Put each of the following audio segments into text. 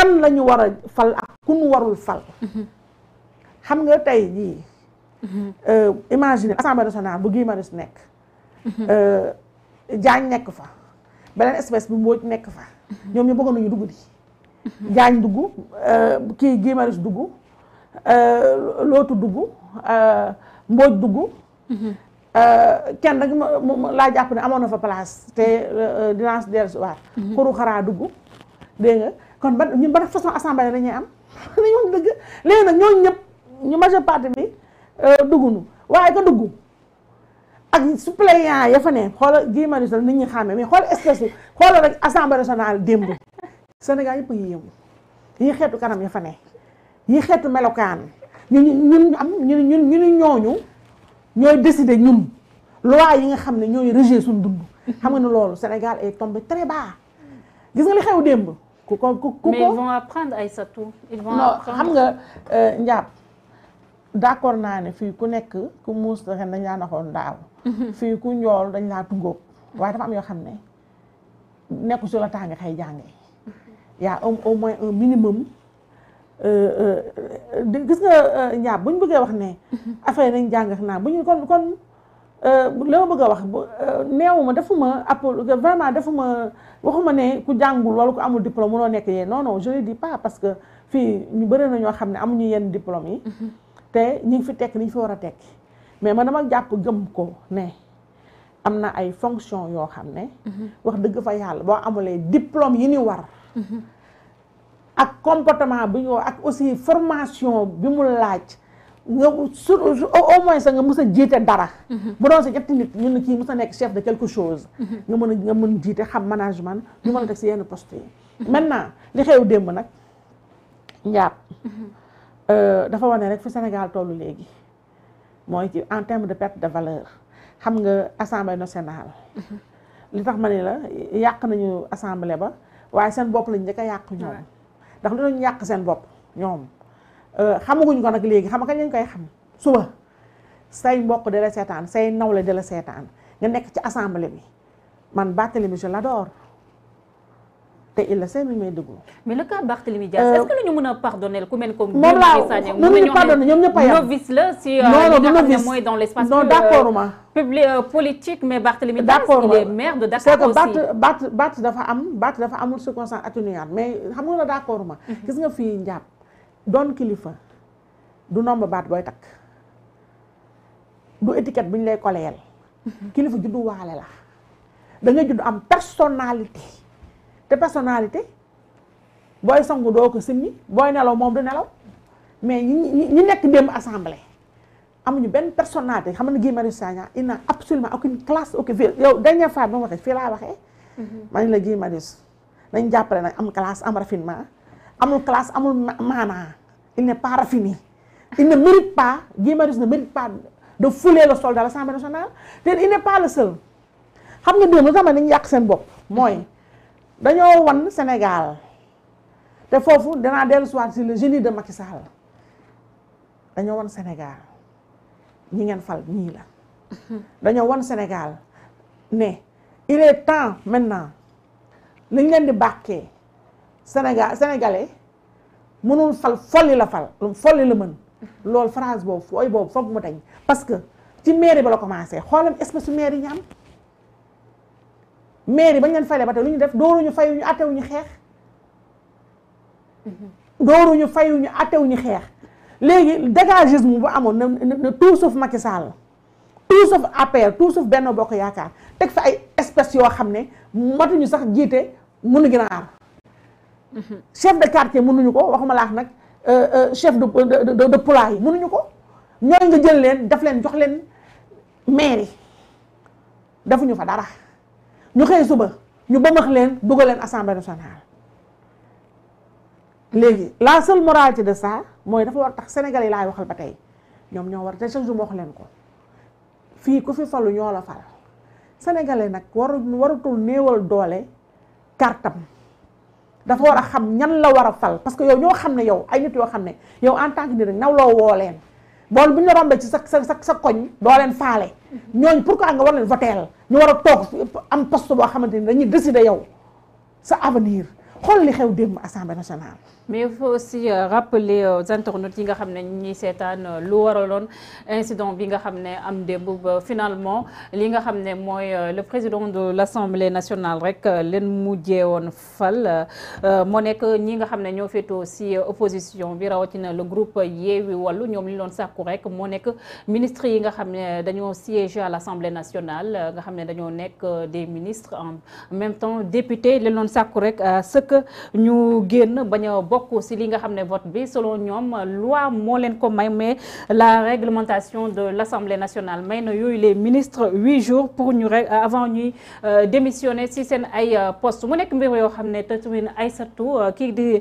kan la ñu war a fal ak ku ñu warul fal mhm. xam nga tey jii mhm. euh, imagine assemblée nationale bu Guy Marius nekk jaañ mhm. euh, nekk fa beneen espèce bu mbooj nekk fa ñoom ñu bëggoon nañu dugg di jaañ dugg euh, kii Guy Marius dugg lootu dugg mbooj dugg kenn rek laa jàpp ne amoon na fa place te dinaa si dellusiwaat kuru xaraa dugg dégg nga kon ba ñun ban façon assemblée la am dëgg léegi nag ñooñu ñëpp ñu majeure partie bi euh, duggunu waaye ko dugg ak suppléant ya fa ne xoola Guy Marius Sagna nit ñi xàmmee mais xoola espèce bi xoola rek assemblée nationale démb Sénégal yëpp yi xeetu kanam ya fa ne xeetu melokaan ñu ñun am ñun ñooñu ñooy décider ñun loi yi nga xam ne ñooy réger suñu dund xam nga ne loolu Sénégal est tombé très bas gis nga li xew démb ku ko ku ko mais ils vont apprendre Aïssatou. ils xam nga euh, Ndiab d'accord naa ne fii ku nekk ku muus ren dañ laa naxoon daaw. Mhm. fii ku njool dañ laa tungóob. waaye dafa am yoo xam ne nekku su la taa nga xëy jàngee. Mhm. y'a au moins minimum. Euh, euh, gis nga Ndiab buñ bëggee wax ne. Mhm. affaire yi nañ jàng naa buñ kon kon. Euh, la bëgg a wax euh, neewu ma defu ma app vraiment defu ma waxuma ne ku jàngul wala ku amul diplôme mënoo nekk yee non non je ne pas parce que fii ñu bëri na ñoo xam ne amuñu yenn diplôme yi mm-hmm. te ñi ngi fi tekk ni ñu fi war a tekki mais man dama jàpp gëm ko ne am na ay fonction yoo xam ne mm-hmm. wax dëgg fa yàlla boo amulee diplome yi ni war mm-hmm. ak comportement bi ñu ak aussi formation bi mu laaj nga su au moins sax nga mës a jiite dara. Mhm. bu doon si ñetti nit ñun kii mës a nekk chef de quelque chose. Mhm. nga mën a nga mën jiite xam management. ñu mën a teg si yenn poste yi. Mhm. naa li xew démb nag njaab. Euh, dafa wane rek fi Sénégal tollu léegi mooy ci en terme de perte de valeur xam nga assemblée nationale. li tax ma ne la yàq nañu assemblée ba waaye seen bopp lañ njëkk a yàq ñoom. ndax lu doon yàq seen bopp ñoom. Euh, xamaguñ ko nag léegi xam nga lañ koy xam suba say mbokk dala seetaan say nawle dala seetaan nga nekk ci assemblée bi man Barthélémy je l'adore te il la seen mi may déglu. mais le cas Barthélémy Dias euh, a pardonner ku mel comme. moom laa mënuñu pardonner a yem novice la si euh, li nga xam ne mooy dans l'espace non mais Barthélémy Dias il est maire de dafa am Bart dafa amul circonstance atténuante mais xam nga la d'accord ma. Mhm. gis nga fii njàpp. doon kilifa du nomb baat booy takk du étiquette bu ñu lay koleyal kilifa juddu waale la da nga judd am personnalité te personnalité booy sangu doo ko simmi booy nelaw moom du nelaw mais ñi ñi nekk démb am amuñu benn personnalité xam nga Guy Marius Sagna il n'a absolument aucune classe aucune yow dernière fois bi ma waxee fii laa waxee. ma mhm. ne la Guy Marius nañ jàppale nag am classe am raffinement. amul classe amul maanaa il n'est pas raffiné il ne mérite pas Guy Marius ne mérite pas de fouler le sol de l'Assemblée nationale te il n'est pas le seul xam nga démb lu tax dañu yàq seen bopp mooy dañoo wan Sénégal te foofu danaa dellu soit si le génie de Macky Sall dañoo won Sénégal ñi ngeen fal ñii la dañoo won Sénégal ne il est temps maintenant li leen di bàkkee Sénégal sénégalais mënul fal folli la fal folli la mën loolu phrase boobu fooy boobu foog mu dañ parce que ci mairie ba la commencé xoolam espèce su mairie ñam mairie bañ leen fayle ba tey lu ñu def dooruñu fayuñu ñu xeex dooruñu fayuñu ñu xeex léegi dégagisme bu amoon na na tout sauf Macky Sall tout sauf APR tout sauf benn Bokk Yaakaar teg fa ay espèces yoo xam ne matuñu sax jiite a ginaar chef de quartier mënuñu ko waxuma laax nag euh, euh, chef de de de poulailler yi mënuñu ko ñooy nga jël leen daf leen jox leen mairie defuñu fa dara ñu xëy suba ñu bëmax leen dugal leen assemblée nationale. léegi la seule moralité de ça mooy dafa war tax Sénégal yi laay waxal ba tey ñoom ñoo war te chaque jour wax leen ko fii ku fi falu ñoo la fal sénégalais nag waru warutul néewal doole kartam dafa war a xam ñan la war a fal parce que yow ñoo xam ne yow ay nit yoo xam ne yow en tant que nit rek naw woo leen bool bu ñu la rombee ci sa sa sa koñ doo leen faale ñooñ ñooñu pourquoi nga war leen voteel ñu war a toog am post boo xamante ni dañuy de yow sa avenir xool li xew démb assemblée nationale. mais il faut aussi euh, rappeler aux internautes yi nga xam ne ñuy seetaan euh, lu waraloon incident bi nga xam ne am démb ba finalement li nga xam ne mooy euh, le président de l' assemblée nationale rek leen mujje woon fal moo nekk ñi nga xam ne ñoo féetoo si opposition bi rawatina le groupe Yewwi Wallu ñoom li doon sàkku rek moo nekk ministre yi nga xam ne dañoo siéger à l' assemblée nationale nga xam ne dañoo nekk des ministres en même ëllëg ñu génn bañ a bokk si li nga xam ne vote bi selon ñoom loi moo leen ko may mais la réglementation de l'Assemblée nationale may na yooyu les ministres huit jours pour ñu rek avant ñuy euh, démissionner si seen ay euh, poste mu nekk mbir yoo xam ne Tatouine sato euh, ki di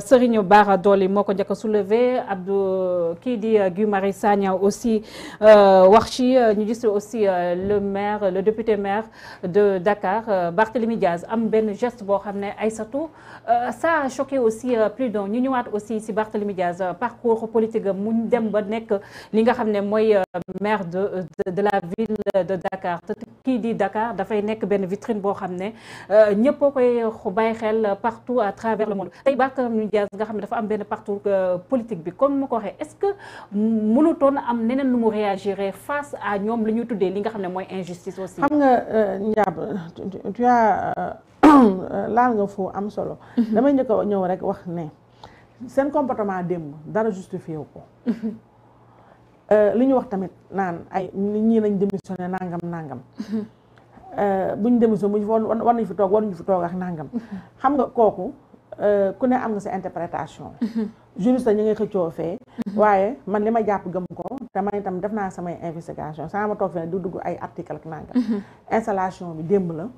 Serigne Bara Dolly moo ko njëkk a soulever Abdou kii di Guy Marius Sagna aussi wax ñu ñu gis aussi le maire le député maire de Dakar Barthélémy Diaz am benn geste boo xam ne Aïssatou donc euh, ça a choqué aussi euh, plus d'un ñu ñëwaat aussi ci Barthélémy Diaz euh, parcours politique mu dem ba nekk li nga xam ne mooy maire de de la ville de Dakar te kii di Dakar dafay nekk benn vitrine boo xam ne ñëpp a xu bàyyi xel partout à travers le monde tey Barthélémy Diaz nga xam ne dafa am benn parcours politique bi kon mu ko waxee est-ce que mënutoon am neneen lu mu réagir face à ñoom li ñu tuddee li nga xam ne mooy injustice aussi xam nga Ndiab laal nga foo am solo. Mhm. damay njëkk a ñëw rek wax ne seen comportement démb dara justifié wu ko. Mhm. Euh, li ñu wax tamit naan ay ñii nañ démissionné nangam nangam. Mhm. Euh, buñ démissionné buñ war nañ fi toog waruñu fi toog ak nangam. xam nga kooku euh, ku ne am nga sa interprétation. juriste ñu ngi xëccoo fee. waaye man li ma jàpp gëm ko te man itam def naa samay investigation sama toog fii du dugg ay article ak nangam. installation bi démb la.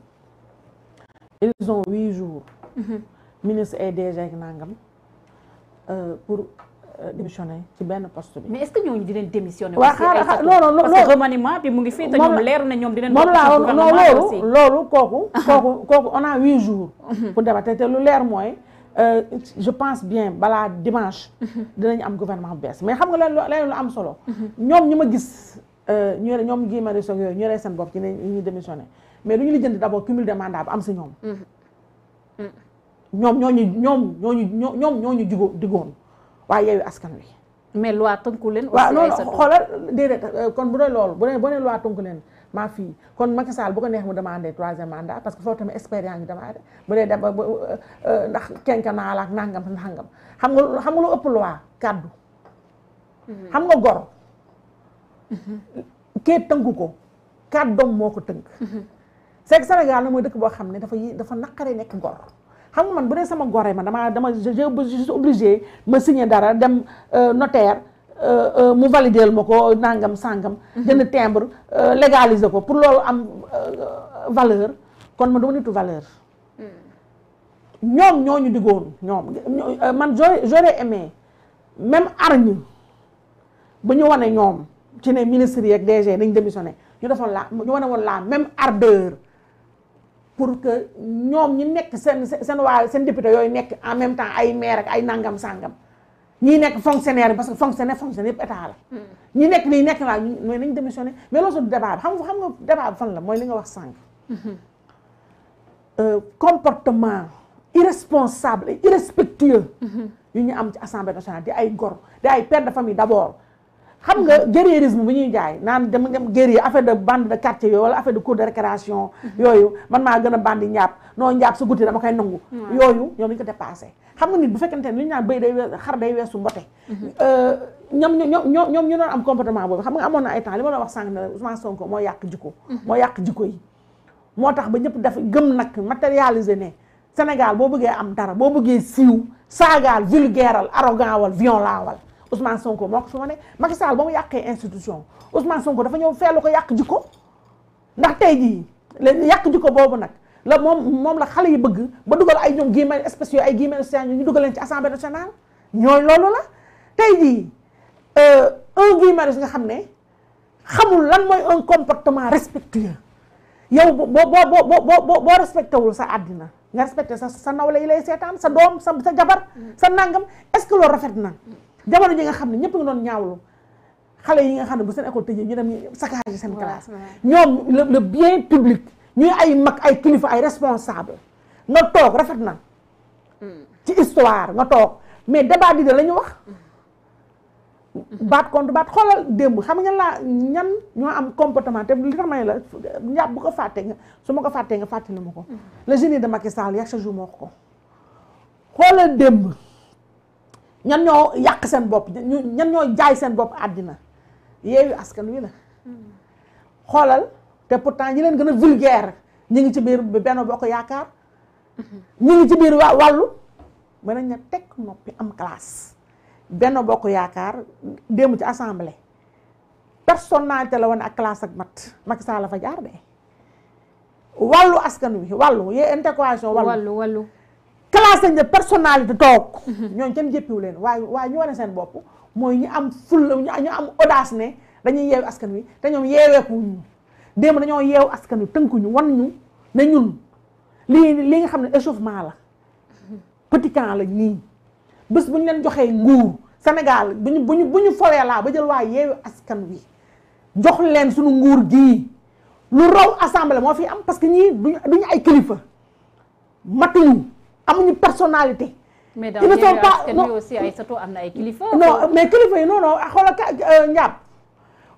ils ont huit jours mhm. ministre ay DG ak nangam euh, pour euh, démissionner ci benn poste bi. mais est-ce que ñooñu dinañ démissionner. waaw xaaral non mu ngi fii te leer na ñoom dinañ. moom laa loolu loolu kooku. kooku kooku a huit jours. Mhm. pour débattre te lu leer mooy euh, je pense bien balaa dimanche. Mhm. dinañ am gouvernement bu bees mais xam nga loolu lu am solo. ñoom ñu ma gis ñu ñoom Guy Marius Sagna yooyu ñu rey seen bopp ci ñu démissionner. mais lu ñu lijjanti d' abord cumul de mandat bi am si ñoom. Mm-hmm. Mm-hmm. ñoom ñooñu ñoom ñooñu ñoom ñooñu jugoo diggoon waaye yeewu askan wi. mais loi tënku leen. waaw non xoolal déedéet euh, kon bu dee loolu bu dee bu dee loi tënku leen maa fii kon Macky Sall bu ko neex mu demandé troisième mandat parce que foofu tamit expert yaa ngi demandé bu dee dama euh, euh, ndax quinquennat la ak nangam nangam xam nga xam nga lu ëpp loi kàddu. Mm-hmm. xam nga gor. kee tënku ko kàddoom moo ko tënk. c'est que Sénégal na mooy dëkk boo xam ne dafa dafa naqaree nekk gor xam nga man bu dee sama goree ma damaa dama je suis obligé ma signer dara dem euh, notaire euh, euh, mu validel ma ko nangam sangam. Mhm. jënd timbre légaliser ko pour loolu am valeur kon ma dama nitu valeur. Hmm. ñoom ñoo ñu diggoon ñoom man j'aurais aimé même arñu bu ñu wane ñoom ci ne ministre yeeg DG dañ démissionné ñu defoon la ñu wane woon la même ardeur. pour que ñoom ñi nekk seen seen waa seen député yooyu nekk en même temps ay maire ay nangam sangam ñi nekk fonctionnaire parce que fonctionnaire fonctionnaire yëpp état la. Hmm. ñi nekk nii nekk naa mooy nañ démissionné mais loolu su débat bi xam nga xam nga débat bi fan la mooy li nga wax sànq. Hmm. Euh, comportement irresponsable et irrespectueux. Hmm. yu ñu am ci assemblée nationale di ay gor di ay père de famille d' abord. xam nga guerrierisme bu ñuy jaay naan dama dem guerrier affaire de bande de quartier yooyu wala affaire de cour de récréation yooyu man maa gën a bandi njàpp noo njàpp sa guddi dama koy nangu yooyu ñoom ñu ko dépassé xam nga nit bu fekkente ne li ñu naan béy day xar day weesu mbote mhm. euh, ñoom ñoo ñoom ñu doon am comportement boobu xam nga amoon na ay temps li ma la wax sànq ne Ousmane Sonko moo yàq jikko mhm. moo yàq jikko yi moo tax ba ñëpp def gëm nag matérialiser ne Sénégal boo bëggee am dara boo bëggee siiw saagaal vulgaire al arrogant wal violent wal Ousmane Sonko moo ko fi ma Macky Sall ba mu yàqee institution Ousmane Sonko dafa ñëw feelu ko yàq jikko ndax tey jii leen yàq jikko boobu nag la moom moom la xale yi bëgg ba dugal ay ñoom guillemet espèces yooyu ay guillemet seen ñu dugal leen ci assemblée nationale ñooy loolu la tey jii euh, un nga xam ne xamul lan mooy un comportement respectueux yow boo boo boo boo boo respecté wul sa àddina nga respecté sa sa nawle yi lay seetaan sa doom sa sa jabar sa nangam est que loolu rafet na. jamono ji nga xam ne ñëpp nga doon ñaawlu xale yi nga xam ne bu seen école tëjee ñu dem saccagé seen classe ñoom le bien public ñu ay mag ay kilifa ay responsable nga toog rafet na hmm. ci histoire nga toog mais débat di de lañu wax hmm. baat contre baat xoolal démb xam nga laa ñan ñoo am comportement te li tax ma la ñàpp bu ko fàttee nga su ma ko fàttee nga fàttali ma ko hmm. le génie de Macky Sall yàgg sa wax ko xoolal démb ñan ñoo yàq seen bopp ñan ñoo jaay seen bopp àddina yeewi askan wi la xoolal te pourtant ñi leen gën a vulgaire ñi ngi ci biir benn bokk yaakaar ñi ngi ci biir waa wàllu mën nañ na teg noppi am classe benn bokk yaakaar démb ci assemblée personnalité la woon ak classe ak mat Macky Sall la fa jaar de wàllu askan wi wàllu yee intercoalition wàllu wàllu classé nga personnalité toog. Mhm. ñooñu kenn jëppiwu leen waaye waaye ñu wane seen bopp mooy ñu am fulla ñu am audace ne dañuy yeewu askan wi te ñoom yeeweeku ñu démb dañoo yeewu askan wi tënkuñu wan ñu ne li nga xam ne échauffement la petit la ñii bés bu leen joxee nguur Sénégal bu ñu bu ñu ba jël waa askan wi jox leen suñu nguur gi lu raw assemblée moo fi am parce que ñii duñu duñu ay kilifa matuñu. amuñu personnalité. mais dans les cas aussi Aïssatou kilifa. non mais kilifa yi non non xoolal ka euh,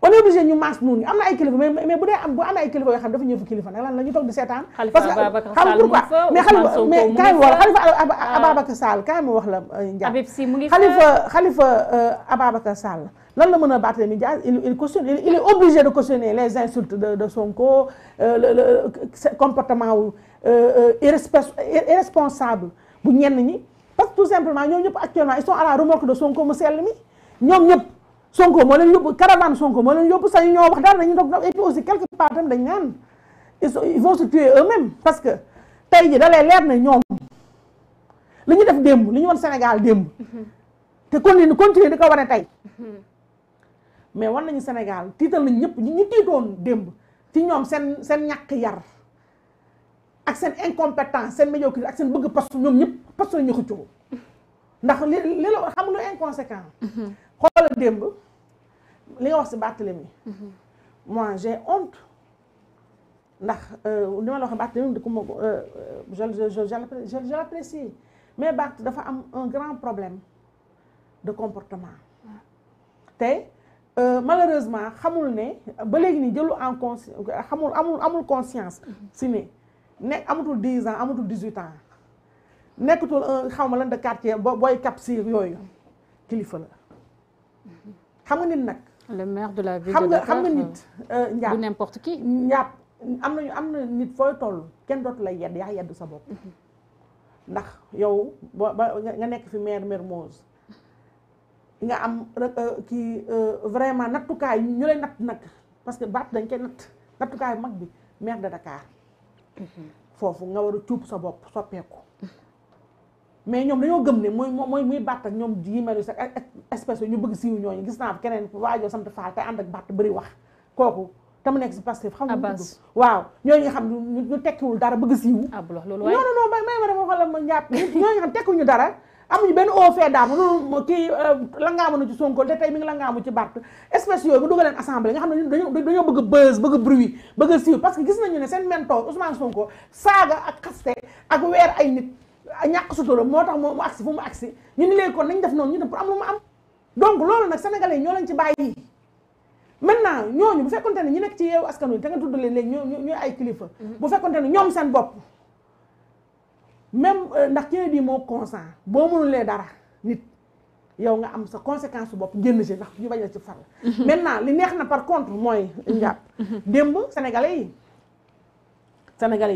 on est obligé ñu maas noonu am na ay kilifa mais mais bu dee am bu amee ay kilifa yoo xam dafa ñëw fi kilifa nag lan la ñu toog di seetaan. parce que xam pourquoi mais xalifa mais kaay ma wax xalifa Ababacar Sall kaay ma wax la euh, Ndiab. Habib Sy mu ngi fa xalifa xalifa euh, Ababacar Sall. lan la mën a Barthélémy Dias il il cautionne il est obligé de cautionner les insultes de de Sonko Euh, euh, irresponsable bu ñenn ñi parce que tout simplement ñoom ñëpp actuellement ils sont à la remorque de Sonko mu sell mi ñoom ñëpp Sonko moo leen yóbbu caravane Sonko moo leen yóbbu sañu ñoo wax dara dañu toog et puis aussi quelque part tam dañ naan ils vont se tuer eux-mêmes parce que tey ji da leer na ñoom li ñu def démb li ñu woon Sénégal démb te continue continuer di ko wane tey mais war nañu Sénégal tiital nañ ñëpp ñu tiitoon démb ci ñoom seen seen ñàkk yar ak seen incompétence seen médiocrité ak seen bëgg poste ñoom ñëpp poste nañu xëccoo ndax li li la xam lu inconséquent mhm. xoola démb li nga wax si Barthélemy mhm. moi j'ai honte ndax li euh, ma la wax Barthélemy di ko ma euh, euh, je je l'apprécie mais Barth dafa am un grand problème de comportement te malheureusement xamul ne ba léegi nii jëlu en consci xamul amul amul conscience si mhm. ne nekk amatul 10 ans amatul 18 ans nekkatul un xaw ma lan de quartier bo booy cap sir yooyu kilifa la xam nga nit nag. le maire de la ville de Dakar xam nga euh, nit. Euh, Ndiaye du n'importe qui. Ndiaye am nañu am na nit fooy toll kenn dootu lay yedd yaa yedd sa bopp. Mhm. ndax yow ba nga nekk fi maire Mermoz nga am euh, kii vraiment nattukaay ñu lay natt nag parce que baat dañ koy natt nattukaay mag bi maire de Dakar. foofu nga war a cuub sa bopp soppeeku mais ñoom dañoo gëm ne muy mooy muy bàtt ak ñoom ji mel sax espèce ñu bëgg siiw ñooñu gis naa keneen waajoo sant faal te ànd ak bàtt bëri wax kooku te mu nekk si parce que xam nga waaw ñu xam ñu tekkiwul dara bëgg siiw non non non may ma dama xoolal ma njàpp ñooñu xam tekkiwuñu dara amuñu benn au fait d'armes loolu kii euh, langaamu na ci Sonko te tey mi ngi langaamu ci Barth espèce bu dugaleen assemblée nga xam ne dañoo dañoo bëgg buzz bëgg bruit bëgg siiw parce que gis nañu ne seen mentor Ousmane Sonko saaga ak xaste ak weer ay nit ñàkk sutura moo tax mu agsi fu mu agsi ñu ni léegi kon nañ def noonu ñu def pour am lu mu am donc loolu nag sénégalais ñoo leen ci bàyyi maintenant ñooñu bu fekkonte ne ñu nekk ci yeewu askan wi te nga tudd leen ay kilifa mm-hmm. bu fekkonte ne ñoom seen bopp même euh, ndax ci di moo consent boo mënulee dara nit yow nga am sa conséquence su bopp génn si ndax ñu bañ a ci far mhm. maintenant li neex na par contre mooy mhm. njàpp mhm. démb sénégalais yi sénégalais